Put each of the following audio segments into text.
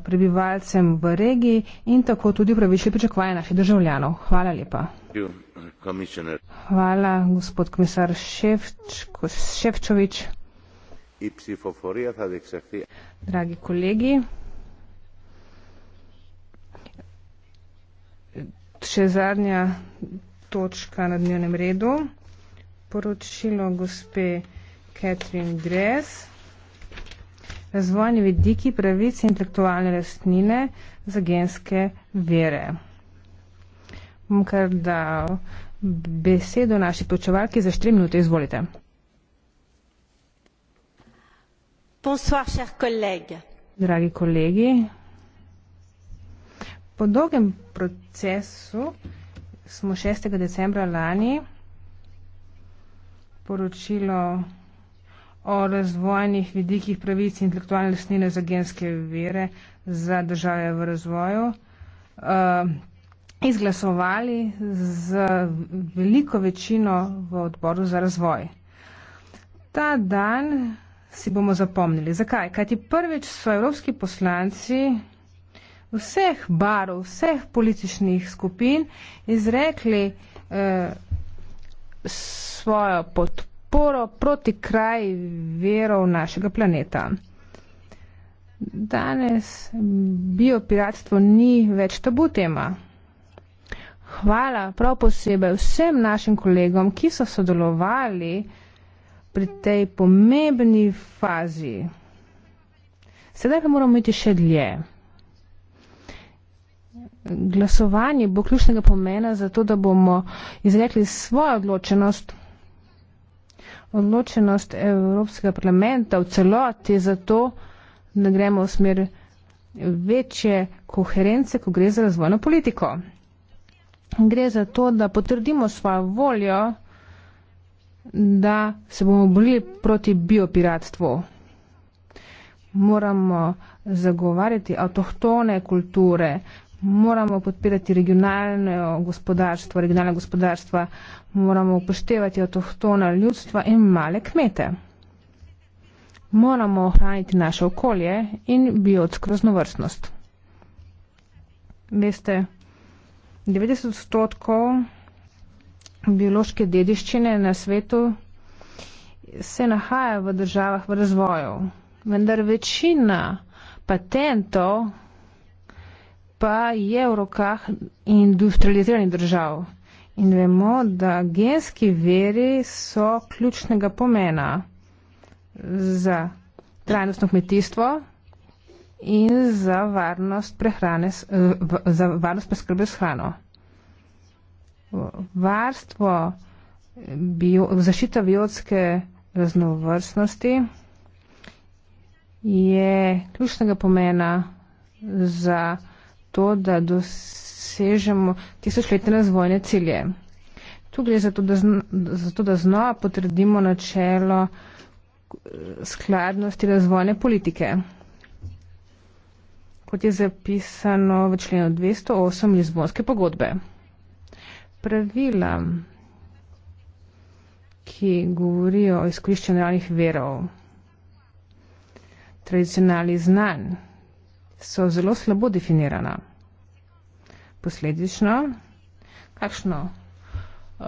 prebivalcem v regiji in tako tudi upravičili pričakovanja naših državljanov. Hvala lepa. Hvala, gospod komisar Ševčovič. Dragi kolegi, še zadnja točka na dnevnem redu. Poročilo gospe Catherine Dress razvojni vidiki pravice intelektualne lastnine za genske vere. Bom kar dal besedo naši počevalki za 4 minute. Izvolite. Bonsoir, cher collègue. Dragi kolegi, po dolgem procesu smo 6. decembra lani poročilo o razvojnih vidikih pravic in intelektualne lastnine za genske vere za države v razvoju. Eh, izglasovali z veliko večino v odboru za razvoj. Ta dan si bomo zapomnili. Zakaj? Kaj ti prvič so evropski poslanci vseh barov, vseh političnih skupin izrekli eh, svojo podporo podporo proti kraj verov našega planeta. Danes biopiratstvo ni več tabu tema. Hvala prav posebej vsem našim kolegom, ki so sodelovali pri tej pomembni fazi. Sedaj pa moramo iti še dlje. Glasovanje bo ključnega pomena za to, da bomo izrekli svojo odločenost odločenost Evropskega parlamenta v celoti za to, da gremo v smer večje koherence, ko gre za razvojno politiko. Gre za to, da potrdimo svojo voljo, da se bomo borili proti biopiratstvu. Moramo zagovarjati avtohtone kulture, moramo podpirati regionalno gospodarstvo, regionalna gospodarstva, moramo upoštevati avtohtona ljudstva in male kmete. Moramo ohraniti naše okolje in biotsko raznovrstnost. Veste, 90 odstotkov biološke dediščine na svetu se nahaja v državah v razvoju, vendar večina patentov pa je v rokah industrializiranih držav. In vemo, da genski veri so ključnega pomena za trajnostno kmetijstvo in za varnost, prehrane, eh, za varnost preskrbe s hrano. Varstvo, bio, zaščita biotske raznovrstnosti je ključnega pomena za to, da dosežemo tisočletne razvojne cilje. Tu gre za to, da znova potrdimo načelo eh, skladnosti razvojne politike. Kot je zapisano v členu 208 Lizbonske pogodbe. Pravila, ki govorijo o izkoriščanju realnih verov, tradicionalnih znanj, so zelo slabo definirana. Posledično, kakšno uh,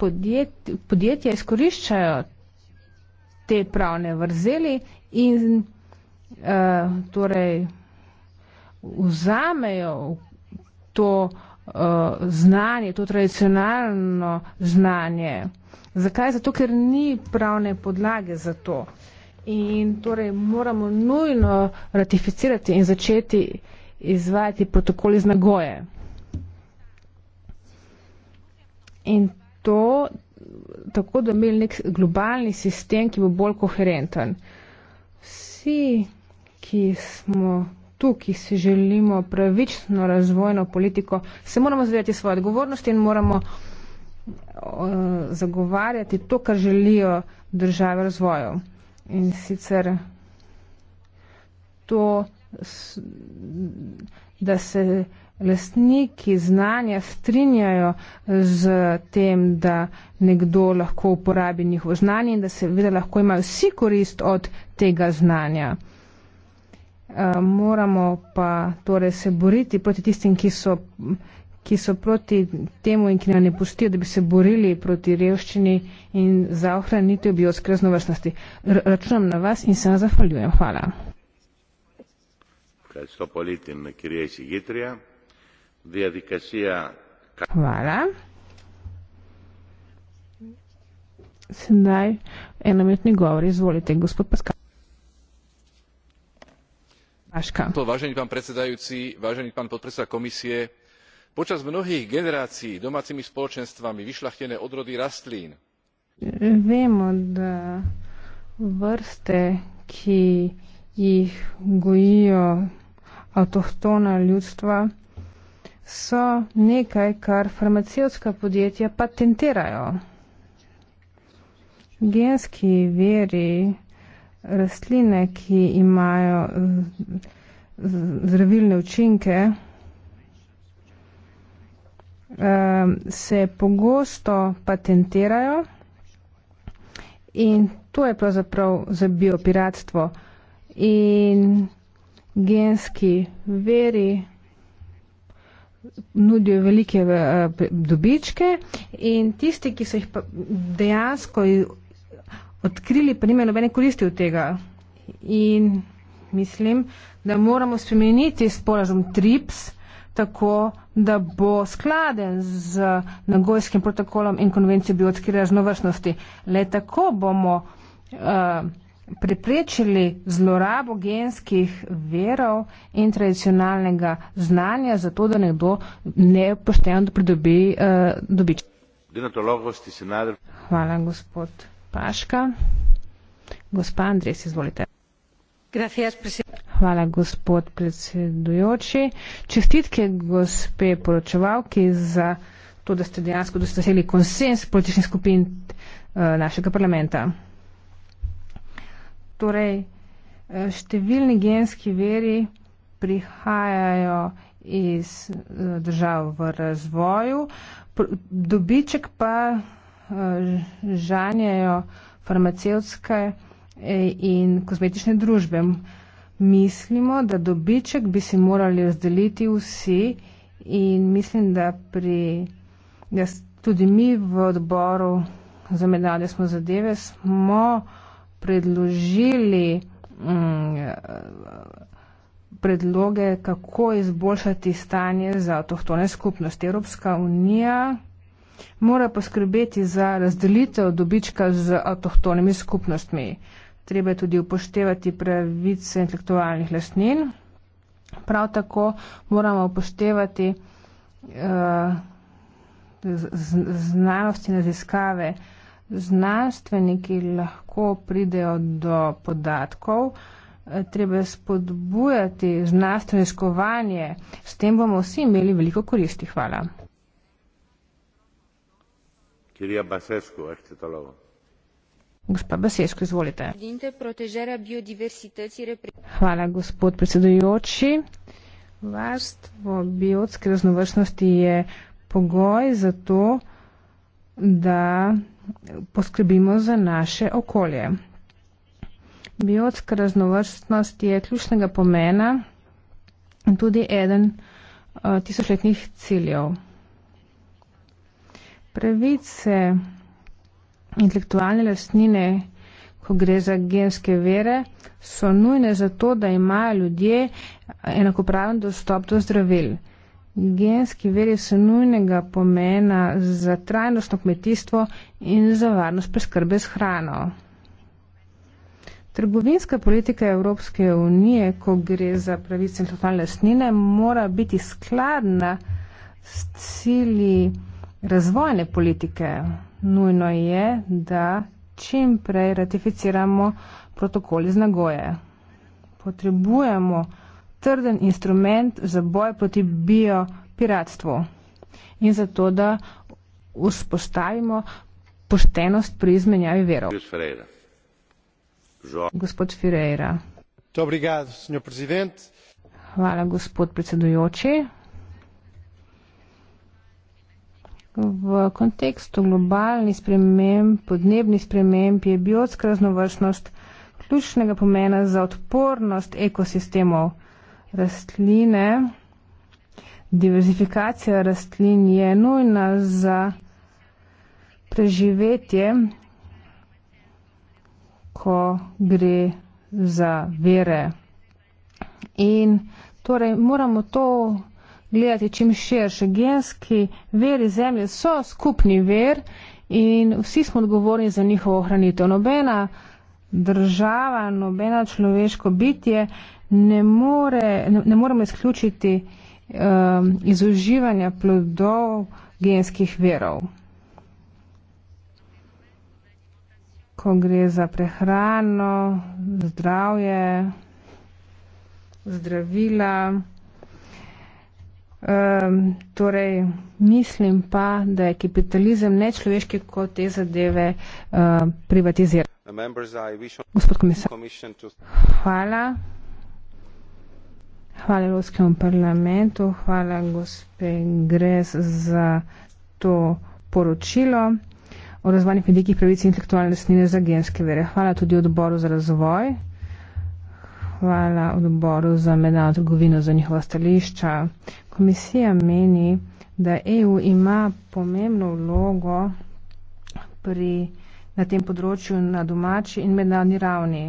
podjet, podjetje izkoriščajo te pravne vrzeli in uh, torej vzamejo to uh, znanje, to tradicionalno znanje. Zakaj? Zato, ker ni pravne podlage za to. Uh, In torej moramo nujno ratificirati in začeti izvajati protokol iz Nagoje. In to tako, da imeli nek globalni sistem, ki bo bolj koherenten. Vsi, ki smo tu, ki si želimo pravično razvojno politiko, se moramo zavedati svoje odgovornosti in moramo uh, zagovarjati to, kar želijo države razvoju in sicer to, da se lastniki znanja strinjajo z tem, da nekdo lahko uporabi njihovo znanje in da se vidi, da lahko imajo vsi korist od tega znanja. Eh, moramo pa torej se boriti proti tistim, ki so ki so proti temu in ki nam ne pustijo, da bi se borili proti revščini in za ohranitev biotske raznovrstnosti. R računam na vas in se vam zahvaljujem. Hvala. Hvala. Sedaj enometni govor. Izvolite, gospod Paskal. Paška. To, vážený pán predsedajúci, vážený pán podpredseda komisie, počas mnohých generácií domácimi spoločenstvami vyšľachtené odrody rastlín. Vemo, da vrste, ki jih gojijo avtohtona ljudstva, so nekaj, kar farmacijska podjetja patentirajo. Genski veri rastline, ki imajo zdravilne učinke, se pogosto patentirajo in to je pravzaprav za biopiratstvo in genski veri nudijo velike eh, dobičke in tisti, ki so jih dejansko odkrili, pa nimajo nobene koristi od tega. In mislim, da moramo spremeniti sporazum TRIPS tako, da da bo skladen z nagojskim protokolom in konvencijo biotske raznovrstnosti. Le tako bomo uh, preprečili zlorabo genskih verov in tradicionalnega znanja, zato da nekdo ne pošteno pridobi uh, dobiček. Hvala, gospod Paška. Gospa Andres, izvolite. Gracias, hvala, gospod predsedujoči. Čestitke, gospe poročevalki, za to, da ste dejansko dosegli konsens političnih skupin eh, našega parlamenta. Torej, eh, številni genski veri prihajajo iz eh, držav v razvoju, dobiček pa žanjajo farmacevtske in kozmetične družbe mislimo, da dobiček bi si morali razdeliti vsi in mislim, da pri, jaz, tudi mi v odboru za medalje smo zadeve, smo predložili mm, predloge, kako izboljšati stanje za avtohtone skupnosti. Evropska unija mora poskrbeti za razdelitev dobička z avtohtonimi skupnostmi treba je tudi upoštevati pravice intelektualnih lasnin. Prav tako moramo upoštevati uh, eh, znanosti in raziskave. Znanstveniki lahko pridejo do podatkov, treba je spodbujati znanstveno iskovanje, s tem bomo vsi imeli veliko koristi. Hvala. Kirija Basescu, ekstetologa. Gospa Besesko, izvolite. Hvala, gospod predsedujoči. Varstvo biotske raznovrstnosti je pogoj za to, da poskrbimo za naše okolje. Biotska raznovrstnost je ključnega pomena in tudi eden eh, tisočletnih ciljev. Pravice intelektualne lastnine, ko gre za genske vere, so nujne zato, da imajo ljudje enakopraven dostop do zdravil. Genski veri so nujnega pomena za trajnostno kmetijstvo in za varnost preskrbe s hrano. Trgovinska politika Evropske unije, ko gre za pravice in totalne snine, mora biti skladna s cilji razvojne politike, nujno je, da čim prej ratificiramo protokol iz Nagoje. Potrebujemo trden instrument za boj proti biopiratstvu in zato, da vzpostavimo poštenost pri izmenjavi verov. Gospod Fireira. Hvala, gospod predsedujoči. V kontekstu globalnih sprememb, podnebnih sprememb je biotska raznovrstnost ključnega pomena za odpornost ekosistemov rastline. Diverzifikacija rastlin je nujna za preživetje, ko gre za vere. In torej moramo to gledati čim širše. Genski veri zemlje so skupni ver in vsi smo odgovorni za njihovo ohranitev. Nobena država, nobena človeško bitje ne, more, ne, ne moremo izključiti um, iz uživanja plodov genskih verov. Ko gre za prehrano, zdravje, zdravila. Um, torej, mislim pa, da je kapitalizem nečloveški, ko te zadeve uh, privatizira. Gospod komisar. Hvala. Hvala Evropskemu parlamentu, hvala gospe Gres za to poročilo o razvojnih velikih pravic in intelektualne snine za genske vere. Hvala tudi odboru za razvoj. Hvala odboru za mednarodno trgovino za njihova stališča. Komisija meni, da EU ima pomembno vlogo pri, na tem področju na domači in mednarodni ravni.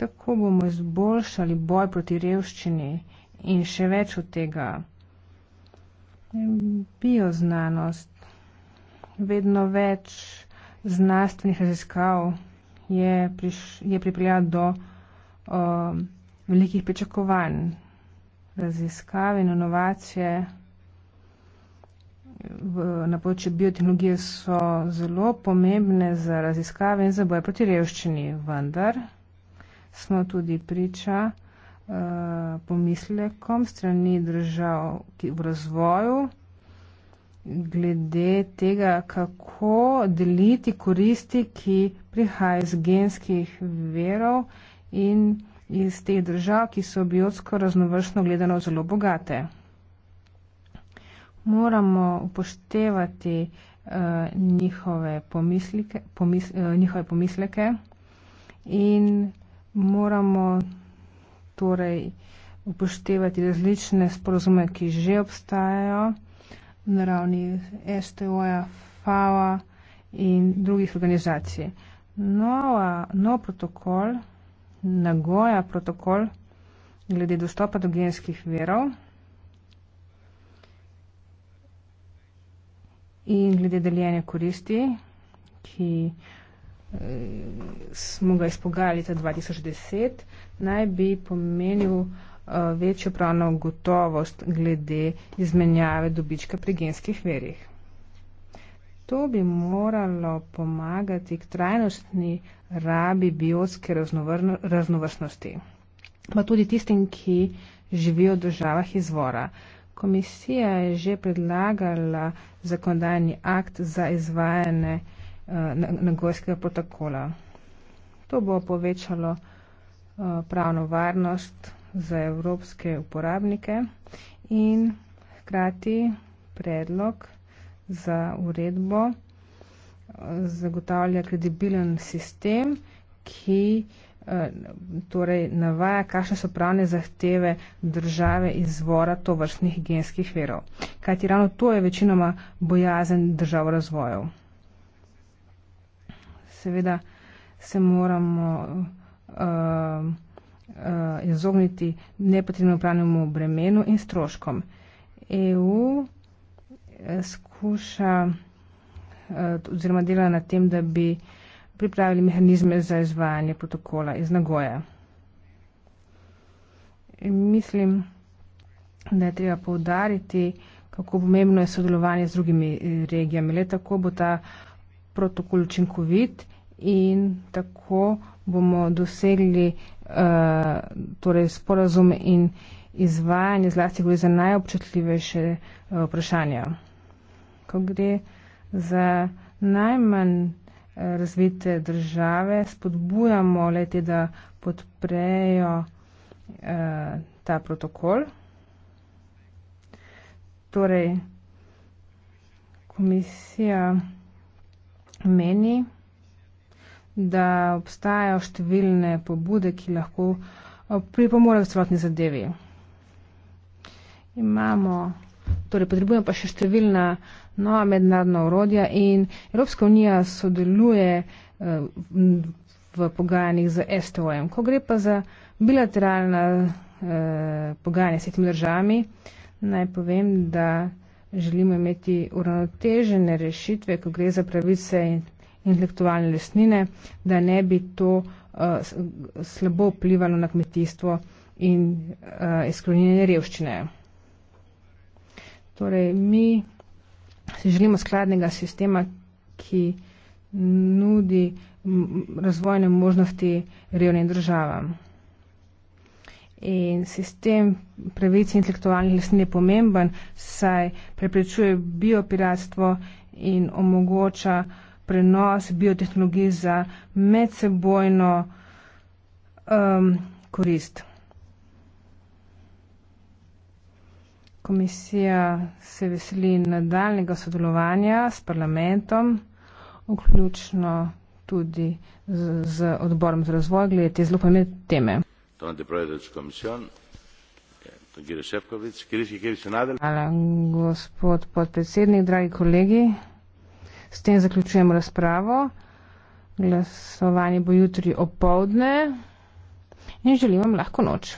Tako bomo izboljšali boj proti revščini in še več od tega. Bioznanost. Vedno več znanstvenih raziskav je, priš, je pripeljala do. Uh, velikih pričakovanj, raziskave in inovacije v, na področju biotehnologije so zelo pomembne za raziskave in za boje proti revščini, vendar smo tudi priča uh, pomislekom strani držav v razvoju glede tega, kako deliti koristi, ki prihajajo iz genskih verov in iz teh držav, ki so biotsko raznovrstno gledano zelo bogate. Moramo upoštevati uh, njihove, pomislike, pomis, uh, njihove pomisleke in moramo torej upoštevati različne sporozume, ki že obstajajo na ravni STO-ja, FAO-a in drugih organizacij. Nova, nov protokol Nagoja protokol glede dostopa do genskih verov in glede deljenja koristi, ki eh, smo ga izpogajali za 2010, naj bi pomenil eh, večjo pravno gotovost glede izmenjave dobička pri genskih verjih. To bi moralo pomagati k trajnostni rabi biotske raznovrstnosti, pa tudi tistim, ki živijo v državah izvora. Komisija je že predlagala zakonodajni akt za izvajanje uh, nagojskega protokola. To bo povečalo uh, pravno varnost za evropske uporabnike in hkrati predlog za uredbo zagotavlja kredibilen sistem, ki eh, torej navaja, kakšne so pravne zahteve države izvora tovrstnih genskih verov. Kaj ti ravno to je večinoma bojazen držav razvojev. Seveda se moramo uh, uh, izogniti nepotrebnemu pravnemu bremenu in stroškom. EU skuša eh, oziroma dela na tem, da bi pripravili mehanizme za izvajanje protokola iz Nagoja. In mislim, da je treba povdariti, kako pomembno je sodelovanje z drugimi eh, regijami. Le tako bo ta protokol učinkovit in tako bomo dosegli uh, torej sporazum in izvajanje zlasti gre za najobčutljivejše uh, vprašanja ko gre za najmanj eh, razvite države, spodbujamo le te, da podprejo eh, ta protokol. Torej, komisija meni, da obstajajo številne pobude, ki lahko eh, pripomorejo k celotni zadevi. Imamo torej potrebujemo pa še številna nova mednarodna urodja in Evropska unija sodeluje eh, v pogajanjih z STOM. Ko gre pa za bilateralna eh, pogajanja s temi državami, naj povem, da želimo imeti uravnotežene rešitve, ko gre za pravice intelektualne lesnine, da ne bi to eh, slabo vplivalo na kmetijstvo in uh, izkorenjenje revščine. Torej, mi si želimo skladnega sistema, ki nudi razvojne možnosti revnim državam. In sistem pravic intelektualnih lasnin je pomemben, saj preprečuje biopiratstvo in omogoča prenos biotehnologij za medsebojno um, koristo. Komisija se veseli nadaljnega sodelovanja s parlamentom, vključno tudi z, z odborom za razvoj, glede te zelo pomembne teme. Hvala, gospod podpredsednik, dragi kolegi. S tem zaključujem razpravo. Glasovanje bo jutri opovdne in želim vam lahko noč.